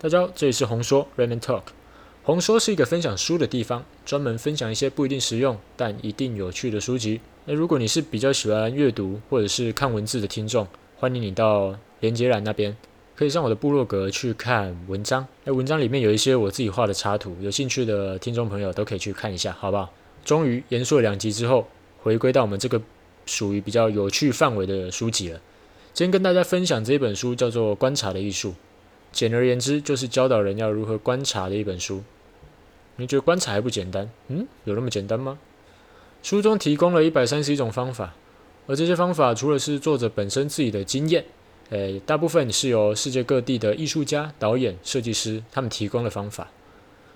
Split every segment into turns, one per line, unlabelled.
大家好，這裡是紅說 Redman Talk。紅說是一個分享書的地方，專門分享一些不一定實用但一定有趣的書籍。那如果你是比較喜歡閱讀或者是看文字的聽眾，歡迎你到連接欄那邊，可以上我的部落格去看文章。文章裡面有一些我自己畫的插圖，有興趣的聽眾朋友都可以去看一下，好不好？終於延續了兩集之後，回歸到我們這個屬於比較有趣範圍的書籍了。今天跟大家分享這一本書，叫做《觀察的藝術》。簡而言之，就是教導人要如何觀察的一本書。你覺得觀察還不簡單？嗯，有那麼簡單嗎？書中提供了一百三十一種方法，而這些方法除了是作者本身自己的經驗，誒、欸，大部分是由世界各地的藝術家、導演、設計師他們提供的方法。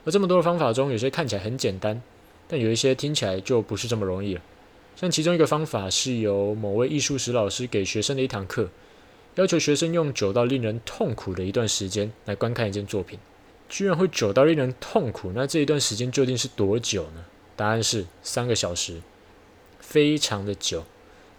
而這麼多的方法中，有些看起來很簡單，但有一些聽起來就不是這麼容易了。像其中一個方法是由某位藝術史老師給學生的一堂課。要求學生用久到令人痛苦的一段時間來觀看一件作品，居然會久到令人痛苦。那這一段時間究竟是多久呢？答案是三個小時，非常的久。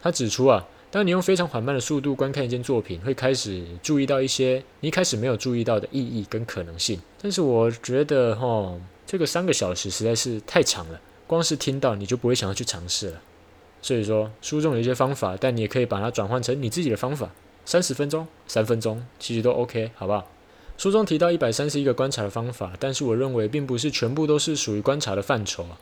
他指出啊，當你用非常緩慢的速度觀看一件作品，會開始注意到一些你一開始沒有注意到的意義跟可能性。但是我覺得哈，這個三個小時實在是太長了，光是聽到你就不會想要去嘗試了。所以說，書中有一些方法，但你也可以把它轉換成你自己的方法。三十分鐘，三分鐘，其實都 OK，好不好？書中提到一百三十一個觀察的方法，但是我認為並不是全部都是屬於觀察的範疇啊。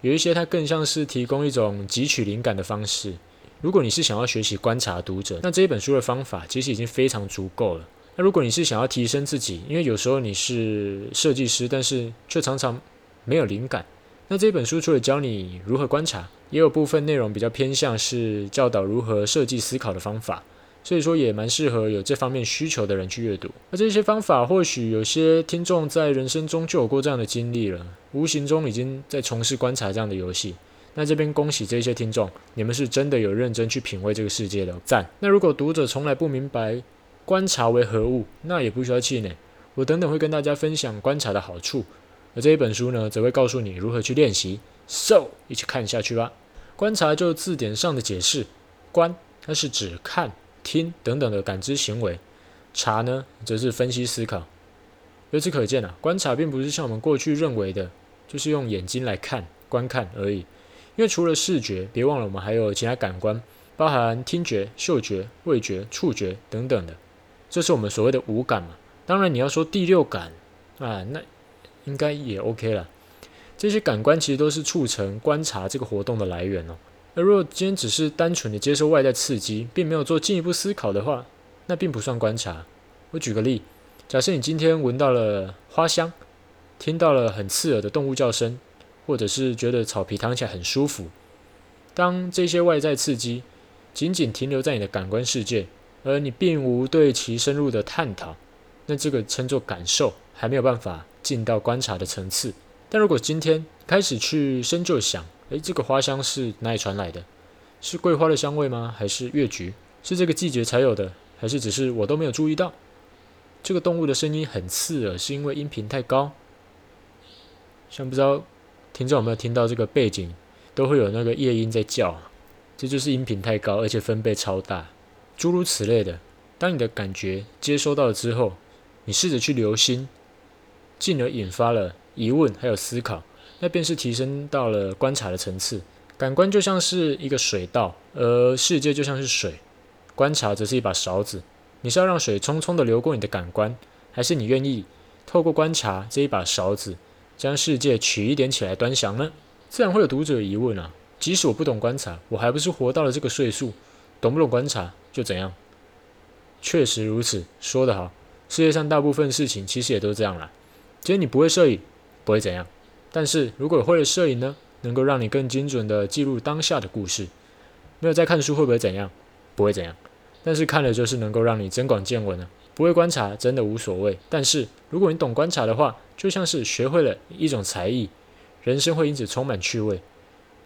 有一些它更像是提供一種汲取靈感的方式。如果你是想要學習觀察讀者，那這一本書的方法其實已經非常足夠了。那如果你是想要提升自己，因為有時候你是設計師，但是卻常常沒有靈感，那這本書除了教你如何觀察，也有部分內容比較偏向是教導如何設計思考的方法。所以說也蠻適合有這方面需求的人去閱讀。那這些方法，或許有些聽眾在人生中就有過這樣的經歷了，無形中已經在從事觀察這樣的遊戲。那這邊恭喜這些聽眾，你們是真的有認真去品味這個世界的讚。那如果讀者從來不明白觀察為何物，那也不需要氣餒。我等等會跟大家分享觀察的好處，而這一本書呢，則會告訴你如何去練習。So，一起看下去吧。觀察就是字典上的解釋，觀，它是指看、聽等等的感知行為，察呢則是分析思考。由此可見啊，觀察並不是像我們過去認為的，就是用眼睛來看、觀看而已。因為除了視覺，別忘了我們還有其他感官，包含聽覺、嗅覺、味覺、觸覺等等的，這是我們所謂的五感嘛。當然你要說第六感啊，那應該也 OK 了。這些感官其實都是促成觀察這個活動的來源哦。而如果今天只是單純的接受外在刺激，並沒有做進一步思考的話，那並不算觀察。我舉個例，假設你今天聞到了花香，聽到了很刺耳的動物叫聲，或者是覺得草皮躺起來很舒服，當這些外在刺激僅僅停留在你的感官世界，而你並無對其深入的探討，那這個稱作感受，還沒有辦法進到觀察的層次。但如果今天開始去深就想，誒，這個花香是哪裡傳來的？是桂花的香味嗎？還是月菊？是這個季節才有的？還是只是我都沒有注意到？這個動物的聲音很刺耳，是因為音頻太高？像不知道聽眾有沒有聽到這個背景，都會有那個夜鶯在叫，這就是音頻太高，而且分貝超大，諸如此類的。當你的感覺接收到了之後，你試着去留心，進而引發了，疑問還有思考，那便是提升到了觀察的層次。感官就像是一個水道，而世界就像是水，觀察則是一把勺子。你是要讓水匆匆地流過你的感官，還是你願意透過觀察這一把勺子，將世界取一點起來端詳呢？自然會有讀者疑問啊，即使我不懂觀察，我還不是活到了這個歲數，懂不懂觀察就怎樣？確實如此，說得好。世界上大部分事情其實也都這樣啦。既然你不會攝影，不會怎樣，但是如果會了攝影呢，能夠讓你更精準地記錄當下的故事。沒有在看書會不會怎樣？不會怎樣，但是看了就是能夠讓你增廣見聞了、啊。不會觀察真的無所謂，但是如果你懂觀察的話，就像是學會了一種才藝，人生會因此充滿趣味。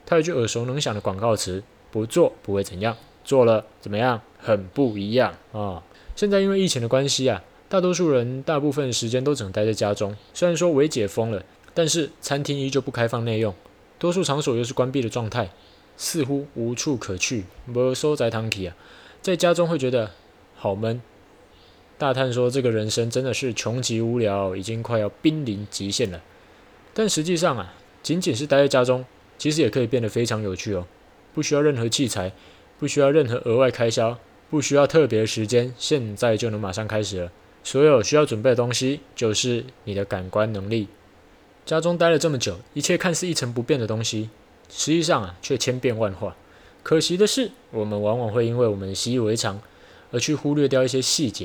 它有一句耳熟能詳的廣告詞：不做不會怎樣，做了怎麼樣？很不一樣啊、哦！現在因為疫情的關係啊。大多數人，大部分時間都只能待在家中。雖然說微解封了，但是餐廳依舊不開放內用，多數場所又是關閉的狀態，似乎無處可去。我收宅湯體啊，在家中會覺得好悶。大嘆說：“這個人生真的是窮極無聊，已經快要瀕臨極限了。”但實際上啊，僅僅是待在家中，其實也可以變得非常有趣哦。不需要任何器材，不需要任何額外開銷，不需要特別的時間，現在就能馬上開始了。所有需要準備的東西，就是你的感官能力。家中待了這麼久，一切看似一成不變的東西，實際上啊，卻千變萬化。可惜的是，我們往往會因為我們習以為常，而去忽略掉一些細節。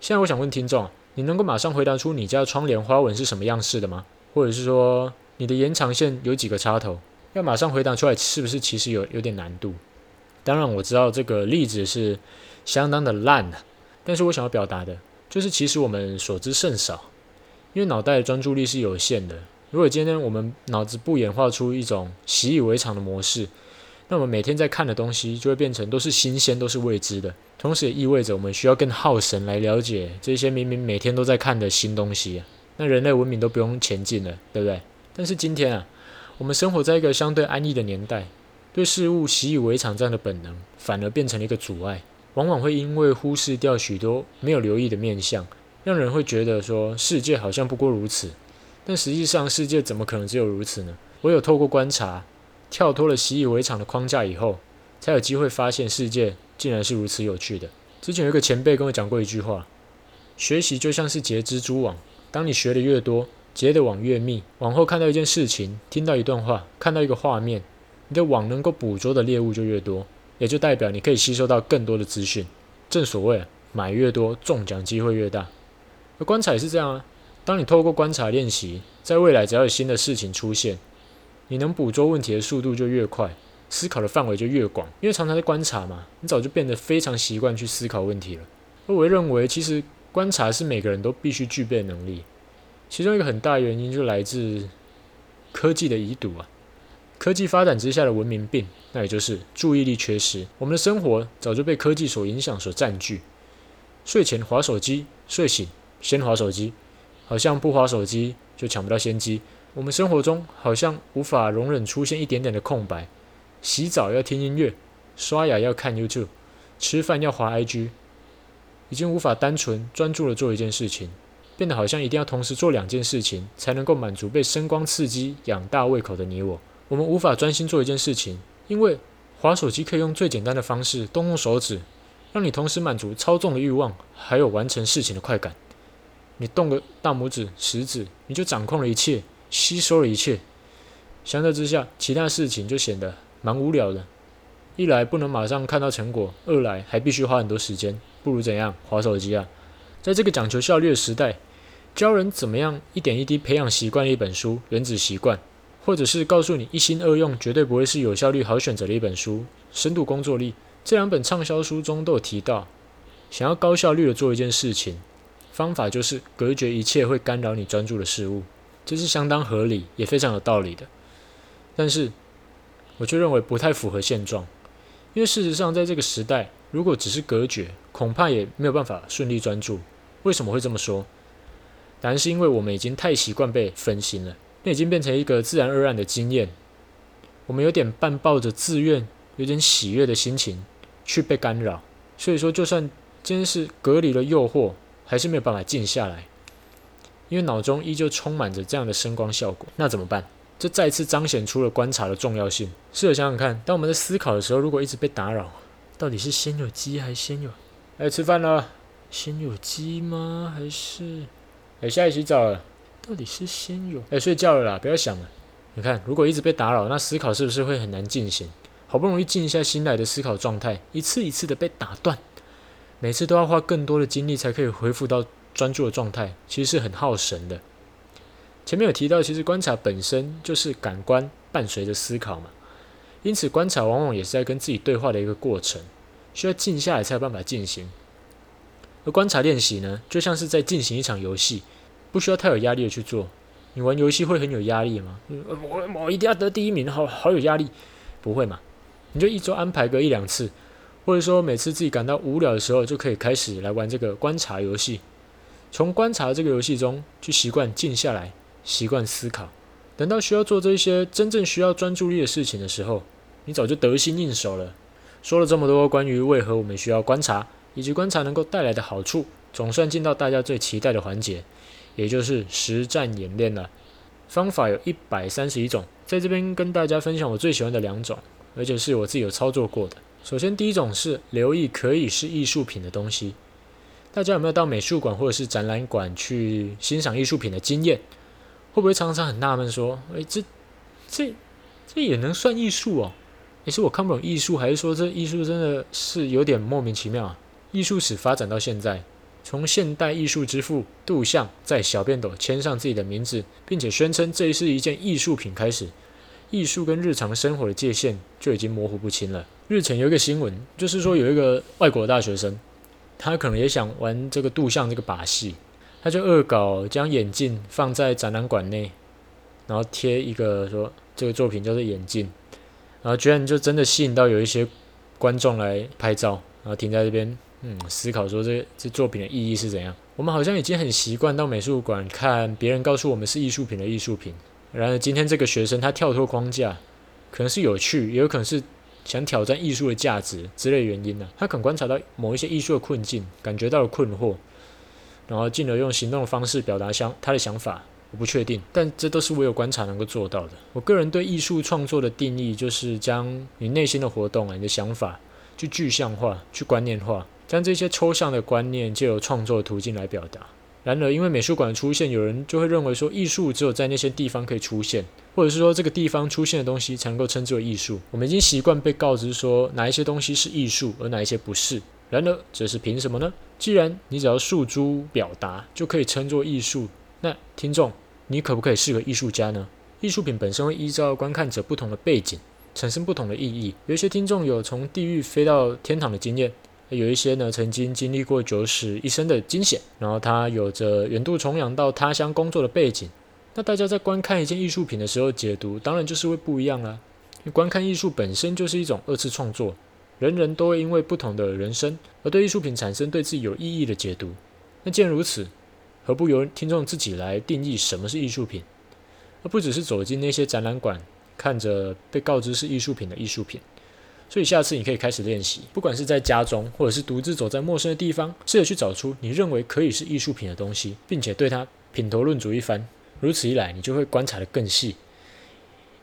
現在我想問聽眾：你能夠馬上回答出你家的窗簾花紋是什麼樣式的嗎？或者是說，你的延長線有幾個插頭？要馬上回答出來，是不是其實有有點難度？當然，我知道這個例子是相當的爛的，但是我想要表達的。就是其實我們所知甚少，因為腦袋的專注力是有限的。如果今天我們腦子不演化出一種習以為常的模式，那我們每天在看的東西就會變成都是新鮮、都是未知的。同時也意味着我們需要更耗神來了解這些明明每天都在看的新東西。那人類文明都不用前進了，對不對？但是今天啊，我們生活在一個相對安逸的年代，對事物習以為常這樣的本能反而變成了一個阻礙。往往會因為忽視掉許多沒有留意的面向，讓人會覺得說世界好像不過如此。但實際上，世界怎麼可能只有如此呢？唯有透過觀察，跳脫了習以為常的框架以後，才有機會發現世界竟然是如此有趣的。之前有一個前輩跟我講過一句話：學習就像是結蜘蛛網，當你學的越多，結的網越密，往後看到一件事情、聽到一段話、看到一個畫面，你的網能夠捕捉的獵物就越多。也就代表你可以吸收到更多的資訊，正所謂買越多，中獎機會越大，而觀察也是這樣啊。當你透過觀察練習，在未來只要有新的事情出現，你能捕捉問題的速度就越快，思考的範圍就越廣，因為常常在觀察嘛，你早就變得非常習慣去思考問題了。而我認為，其實觀察是每個人都必須具備的能力，其中一個很大原因就來自科技的遺毒啊。科技發展之下的文明病，那也就是注意力缺失。我們的生活早就被科技所影響、所佔據。睡前滑手機，睡醒先滑手機，好像不滑手機就搶不到先機。我們生活中好像無法容忍出現一點點的空白。洗澡要聽音樂，刷牙要看 YouTube，吃飯要滑 IG，已經無法單純專注地做一件事情，變得好像一定要同時做兩件事情，才能夠滿足被聲光刺激、養大胃口的你我。我們無法專心做一件事情，因為滑手機，可以用最簡單的方式動動手指，讓你同時滿足操縱的慾望，還有完成事情的快感。你動個大拇指、食指，你就掌控了一切，吸收了一切。相較之下，其他事情就顯得蠻無聊的。一來不能馬上看到成果，二來還必須花很多時間，不如怎樣滑手機啊？在這個講求效率的時代，教人怎麼樣一點一滴培養習慣的一本書《原子習慣》。或者是告訴你一心二用絕對不會是有效率好選擇的一本書，《深度工作力》這兩本暢銷書中都有提到，想要高效率的做一件事情，方法就是隔絕一切會干擾你專注的事物，這是相當合理也非常有道理的。但是，我卻認為不太符合現狀，因為事實上在這個時代，如果只是隔絕，恐怕也沒有辦法順利專注。為什麼會這麼說？答案是因為我們已經太習慣被分心了。那已經變成一個自然而然的經驗，我們有點半抱着自願、有點喜悅的心情去被干擾，所以說，就算今天是隔離了誘惑，還是沒有辦法靜下來，因為腦中依舊充滿着這樣的聲光效果。那怎麼辦？這再次彰顯出了觀察的重要性。試着想想看，當我們在思考的時候，如果一直被打擾，到底是先有雞還是先有……哎，吃飯了，先有雞嗎？還是……哎，下來洗澡了。到底是先有哎，睡覺了啦，不要想了。你看，如果一直被打擾，那思考是不是會很難進行？好不容易靜下心來的思考狀態，一次一次的被打斷，每次都要花更多的精力才可以恢復到專注的狀態，其實是很耗神的。前面有提到，其實觀察本身就是感官伴隨着思考嘛，因此觀察往往也是在跟自己對話的一個過程，需要靜下來才有辦法進行。而觀察練習呢，就像是在進行一場遊戲。不需要太有壓力的去做，你玩遊戲會很有壓力嗎？嗯，我我一定要得第一名，好好有壓力，不會嘛？你就一周安排個一兩次，或者說每次自己感到無聊的時候，就可以開始來玩這個觀察遊戲。從觀察這個遊戲中去習慣靜下來，習慣思考，等到需要做這一些真正需要專注力的事情的時候，你早就得心應手了。說了這麼多關於為何我們需要觀察，以及觀察能夠帶來的好處，總算進到大家最期待的環節。也就是實戰演練了，方法有一百三十一種，在這邊跟大家分享我最喜歡的兩種，而且是我自己有操作過的。首先，第一種是留意可以是藝術品的東西。大家有沒有到美術館或者是展覽館去欣賞藝術品的經驗？會不會常常很納悶說：“哎，這、這、這也能算藝術哦、欸？還是我看不懂藝術，還是說這藝術真的是有點莫名其妙啊？藝術史發展到現在。”從現代藝術之父杜象在小便斗簽上自己的名字，並且宣稱這是一件藝術品開始，藝術跟日常生活的界限就已經模糊不清了。日前有一個新聞，就是說有一個外國大學生，他可能也想玩這個杜象這個把戲，他就惡搞將眼鏡放在展覽館內，然後貼一個說這個作品叫做眼鏡，然後居然就真的吸引到有一些觀眾來拍照，然後停在這邊。嗯，思考說這這作品的意義是怎樣？我們好像已經很習慣到美術館看別人告訴我們是藝術品的藝術品。然而今天這個學生他跳脫框架，可能是有趣，也有可能是想挑戰藝術的價值之類的原因呢、啊。他可能觀察到某一些藝術的困境，感覺到了困惑，然後進而用行動的方式表達想他的想法。我不確定，但這都是唯有觀察能夠做到的。我個人對藝術創作的定義就是將你內心的活動啊，你的想法去具象化，去觀念化，但這些抽象的觀念借由創作的途徑來表達。然而，因為美術館的出現，有人就會認為說，藝術只有在那些地方可以出現，或者是說，這個地方出現的東西才能夠稱之為藝術。我們已經習慣被告知說，哪一些東西是藝術，而哪一些不是。然而，這是憑什麼呢？既然你只要訴諸表達就可以稱作藝術，那聽眾，你可不可以是個藝術家呢？藝術品本身會依照觀看者不同的背景產生不同的意義。有一些聽眾有從地獄飛到天堂的經驗。有一些呢，曾經經歷過九死一生的驚險，然後他有着遠渡重洋到他鄉工作的背景。那大家在觀看一件藝術品的時候，解讀當然就是會不一樣了。你觀看藝術本身就是一種二次創作，人人都會因為不同的人生而對藝術品產生對自己有意義的解讀。那既然如此，何不由聽眾自己來定義什麼是藝術品，而不只是走進那些展覽館，看着被告知是藝術品的藝術品。所以下次你可以開始練習，不管是在家中，或者是獨自走在陌生的地方，試着去找出你認為可以是藝術品的東西，並且對它品頭論足一番。如此一來，你就會觀察得更細，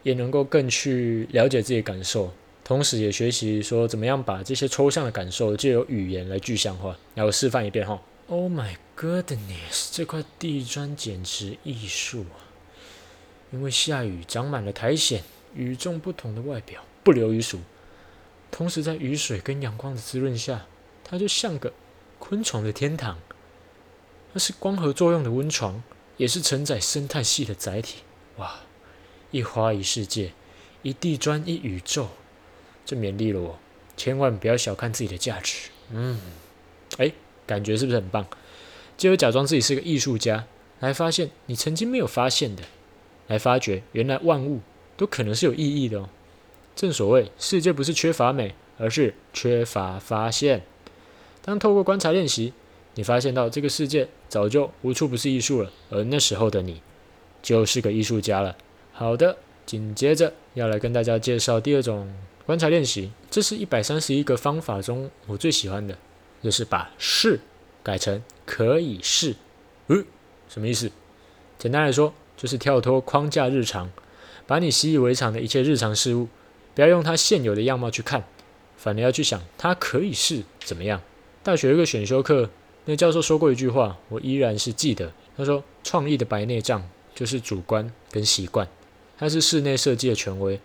也能夠更去了解自己的感受，同時也學習說怎麼樣把這些抽象的感受，借由語言來具象化。然後示範一遍哈，Oh my goodness，這塊地磚簡直藝術啊！因為下雨長滿了苔蘚，與眾不同的外表，不流於俗。同時，在雨水跟陽光的滋潤下，它就像個昆蟲的天堂。那是光合作用的溫床，也是承載生態系的載體。哇！一花一世界，一地磚一宇宙。這勉勵了我，千萬不要小看自己的價值。嗯，哎、欸，感覺是不是很棒？進而假裝自己是個藝術家，來發現你曾經沒有發現的，來發覺原來萬物都可能是有意義的哦。正所謂，世界不是缺乏美，而是缺乏發現。當透過觀察練習，你發現到這個世界早就無處不是藝術了，而那時候的你，就是個藝術家了。好的，緊接着要來跟大家介紹第二種觀察練習，這是一百三十一個方法中我最喜歡的，就是把“是”改成“可以是”。呃，什麼意思？簡單來說，就是跳脫框架日常，把你習以為常的一切日常事物。不要用他現有的樣貌去看，反而要去想他可以是怎麼樣。大學一個選修課，那個教授說過一句話，我依然是記得。他說：“創意的白內障就是主觀跟習慣。”他是室內設計的權威，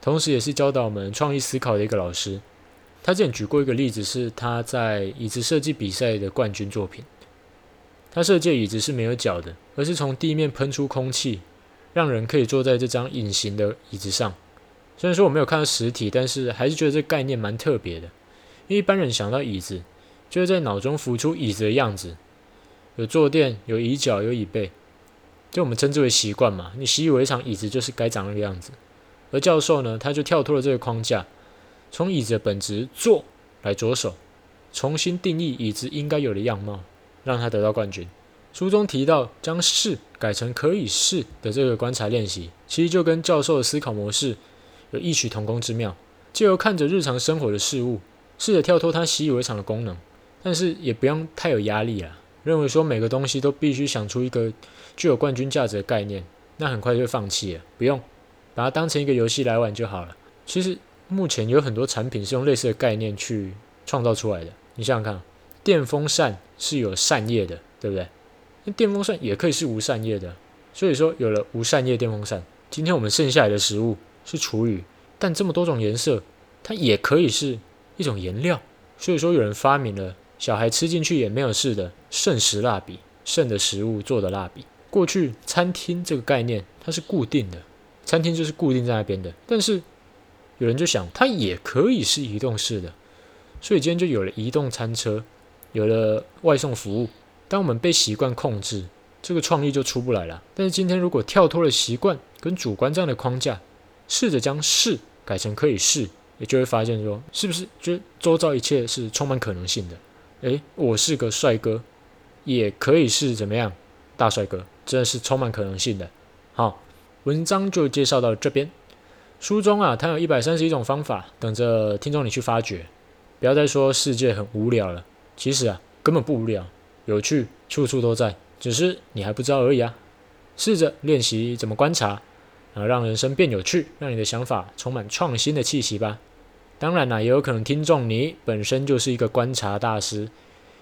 同時也是教導我們創意思考的一個老師。他之前舉過一個例子是，是他在椅子設計比賽的冠軍作品。他設計的椅子是沒有腳的，而是從地面噴出空氣，讓人可以坐在這張隱形的椅子上。雖然說我沒有看到實體，但是還是覺得這個概念蠻特別的。因為一般人想到椅子，就會在腦中浮出椅子的樣子，有坐墊、有椅腳、有椅背，就我們稱之為習慣嘛。你習以為常，椅子就是該長那個樣子。而教授呢，他就跳脫了這個框架，從椅子的本質“坐”來着手，重新定義椅子應該有的樣貌，讓他得到冠軍。書中提到將“是”改成“可以是”的這個觀察練習，其實就跟教授的思考模式有異曲同工之妙，借由看着日常生活的事物，試着跳脫它習以為常的功能，但是也不用太有壓力啊。認為說每個東西都必須想出一個具有冠軍價值的概念，那很快就會放棄了。不用，把它當成一個遊戲來玩就好了。其實目前有很多產品是用類似的概念去創造出來的。你想想看，電風扇是有扇葉的，對不對？那電風扇也可以是無扇葉的，所以說有了無扇葉電風扇。今天我們剩下來的食物，是廚餘，但這麼多種顏色，它也可以是一種顏料。所以說，有人發明了小孩吃進去也沒有事的剩食蠟筆，剩的食物做的蠟筆。過去餐廳這個概念它是固定的，餐廳就是固定在那邊的。但是有人就想，它也可以是移動式的，所以今天就有了移動餐車，有了外送服務。當我們被習慣控制，這個創意就出不來了。但是今天如果跳脫了習慣跟主觀這樣的框架，試着將“是”改成可以是“是”，你就會發現說，說是不是就周遭一切是充滿可能性的？哎，我是個帥哥，也可以是怎麼樣大帥哥，真的是充滿可能性的。好，文章就介紹到了這邊。書中啊，它有一百三十一種方法等着聽眾你去發掘。不要再說世界很無聊了，其實啊，根本不無聊，有趣處處都在，只是你還不知道而已啊。試着練習怎麼觀察。啊，讓人生變有趣，讓你的想法充滿創新的氣息吧。當然啦，也有可能聽眾你本身就是一個觀察大師，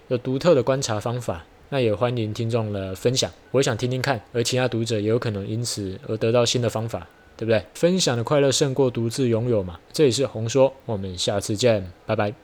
有獨特的觀察方法，那也歡迎聽眾的分享，我想聽聽看。而其他讀者也有可能因此而得到新的方法，對不對？分享的快樂勝過獨自擁有嘛。這裡是紅說，我們下次見，拜拜。